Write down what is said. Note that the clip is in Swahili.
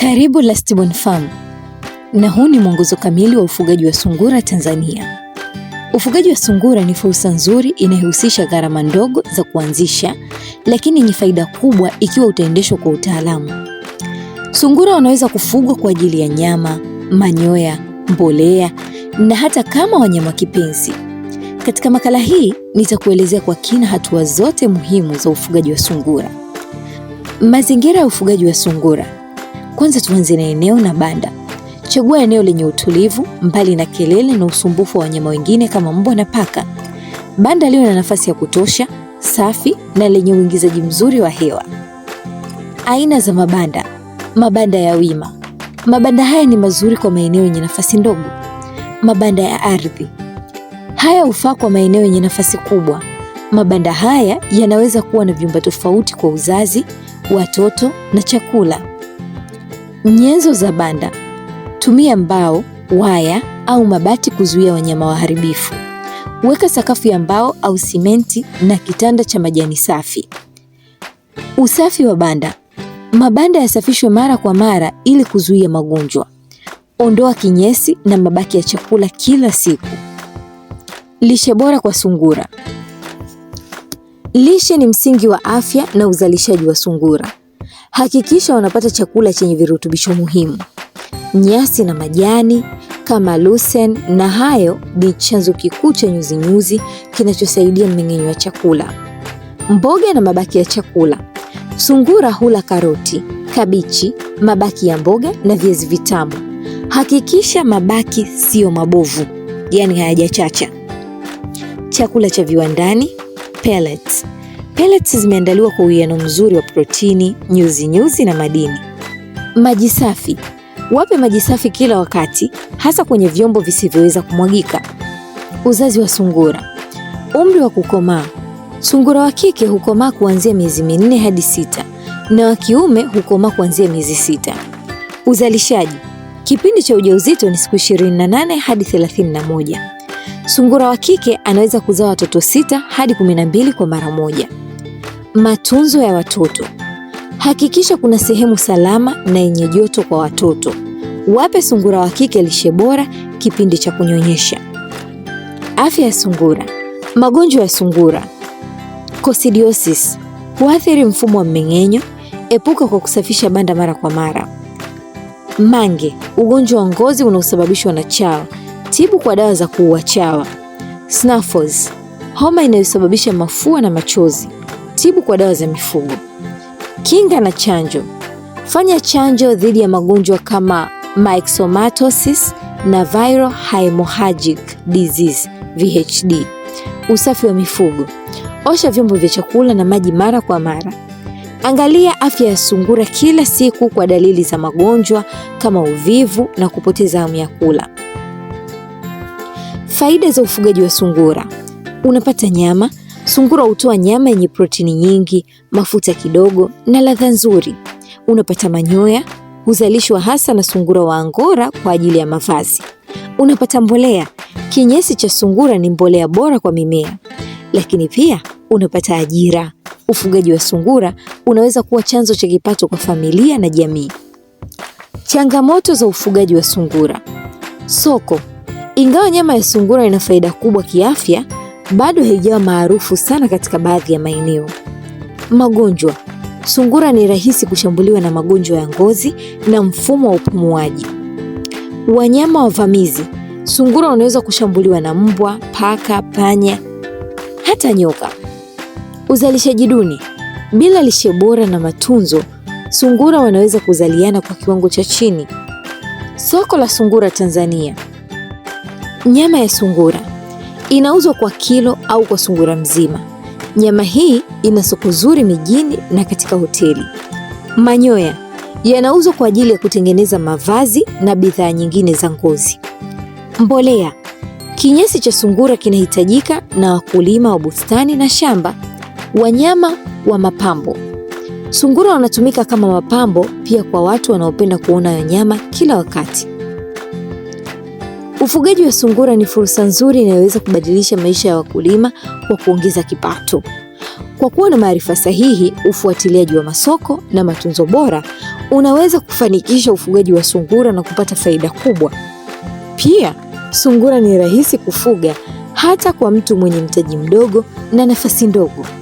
Karibu Lastborn Farm, na huu ni mwongozo kamili wa ufugaji wa sungura Tanzania. Ufugaji wa sungura ni fursa nzuri inayohusisha gharama ndogo za kuanzisha, lakini yenye faida kubwa ikiwa utaendeshwa kwa utaalamu. Sungura wanaweza kufugwa kwa ajili ya nyama, manyoya, mbolea na hata kama wanyama kipenzi. Katika makala hii nitakuelezea kwa kina hatua zote muhimu za ufugaji wa sungura. Mazingira ya ufugaji wa sungura kwanza tuanze na eneo na banda. Chagua eneo lenye utulivu, mbali na kelele na usumbufu wa wanyama wengine kama mbwa na paka. Banda liwe na nafasi ya kutosha, safi na lenye uingizaji mzuri wa hewa. Aina za mabanda. Mabanda ya wima. Mabanda haya ni mazuri kwa maeneo yenye nafasi ndogo. Mabanda ya ardhi. Haya hufaa kwa maeneo yenye nafasi kubwa. Mabanda haya yanaweza kuwa na vyumba tofauti kwa uzazi, watoto na chakula. Nyenzo za banda: tumia mbao, waya au mabati kuzuia wanyama waharibifu. Weka sakafu ya mbao au simenti na kitanda cha majani safi. Usafi wa banda: mabanda yasafishwe mara kwa mara ili kuzuia magonjwa. Ondoa kinyesi na mabaki ya chakula kila siku. Lishe bora kwa sungura: lishe ni msingi wa afya na uzalishaji wa sungura. Hakikisha wanapata chakula chenye virutubisho muhimu, nyasi na majani kama lucerne na hayo ni chanzo kikuu cha nyuzinyuzi kinachosaidia mmeng'enyo wa chakula. Mboga na mabaki ya chakula. Sungura hula karoti, kabichi, mabaki ya mboga na viazi vitamu. Hakikisha mabaki siyo mabovu, yaani hayajachacha. Chakula cha viwandani pellets. Pellets zimeandaliwa kwa uwiano mzuri wa protini, nyuzi nyuzi na madini. Maji safi. Wape maji safi kila wakati, hasa kwenye vyombo visivyoweza kumwagika. Uzazi wa sungura. Umri wa kukomaa. Sungura wa kike hukomaa kuanzia miezi minne hadi sita na wa kiume hukomaa kuanzia miezi sita. Uzalishaji. Kipindi cha ujauzito ni siku 28 hadi 31. Sungura wa kike anaweza kuzaa watoto sita hadi kumi na mbili kwa mara moja. Matunzo ya watoto: hakikisha kuna sehemu salama na yenye joto kwa watoto. Wape sungura wa kike lishe bora kipindi cha kunyonyesha. Afya ya sungura: magonjwa ya sungura, kosidiosis huathiri mfumo wa mmeng'enyo. Epuka kwa kusafisha banda mara kwa mara. Mange, ugonjwa wa ngozi unaosababishwa na chawa. Tibu kwa dawa za kuua chawa. Snuffles, homa inayosababisha mafua na machozi. Tibu kwa dawa za mifugo. Kinga na chanjo. Fanya chanjo dhidi ya magonjwa kama myxomatosis na viral hemorrhagic disease VHD. Usafi wa mifugo. Osha vyombo vya chakula na maji mara kwa mara. Angalia afya ya sungura kila siku kwa dalili za magonjwa kama uvivu na kupoteza hamu ya kula. Faida za ufugaji wa sungura: unapata nyama. Sungura hutoa nyama yenye protini nyingi, mafuta kidogo na ladha nzuri. Unapata manyoya, huzalishwa hasa na sungura wa Angora kwa ajili ya mavazi. Unapata mbolea, kinyesi cha sungura ni mbolea bora kwa mimea. Lakini pia unapata ajira. Ufugaji wa sungura unaweza kuwa chanzo cha kipato kwa familia na jamii. Changamoto za ufugaji wa sungura: soko ingawa nyama ya sungura ina faida kubwa kiafya, bado haijawa maarufu sana katika baadhi ya maeneo. Magonjwa: sungura ni rahisi kushambuliwa na magonjwa ya ngozi na mfumo wa upumuaji. Wanyama wavamizi: sungura wanaweza kushambuliwa na mbwa, paka, panya, hata nyoka. Uzalishaji duni: bila lishe bora na matunzo, sungura wanaweza kuzaliana kwa kiwango cha chini. Soko la sungura Tanzania Nyama ya sungura inauzwa kwa kilo au kwa sungura mzima. Nyama hii ina soko zuri mijini na katika hoteli. Manyoya yanauzwa kwa ajili ya kutengeneza mavazi na bidhaa nyingine za ngozi. Mbolea, kinyesi cha sungura kinahitajika na wakulima wa bustani na shamba. Wanyama wa mapambo, sungura wanatumika kama mapambo pia kwa watu wanaopenda kuona wanyama kila wakati. Ufugaji wa sungura ni fursa nzuri inayoweza kubadilisha maisha ya wakulima kwa kuongeza kipato. Kwa kuwa na maarifa sahihi, ufuatiliaji wa masoko na matunzo bora, unaweza kufanikisha ufugaji wa sungura na kupata faida kubwa. Pia, sungura ni rahisi kufuga hata kwa mtu mwenye mtaji mdogo na nafasi ndogo.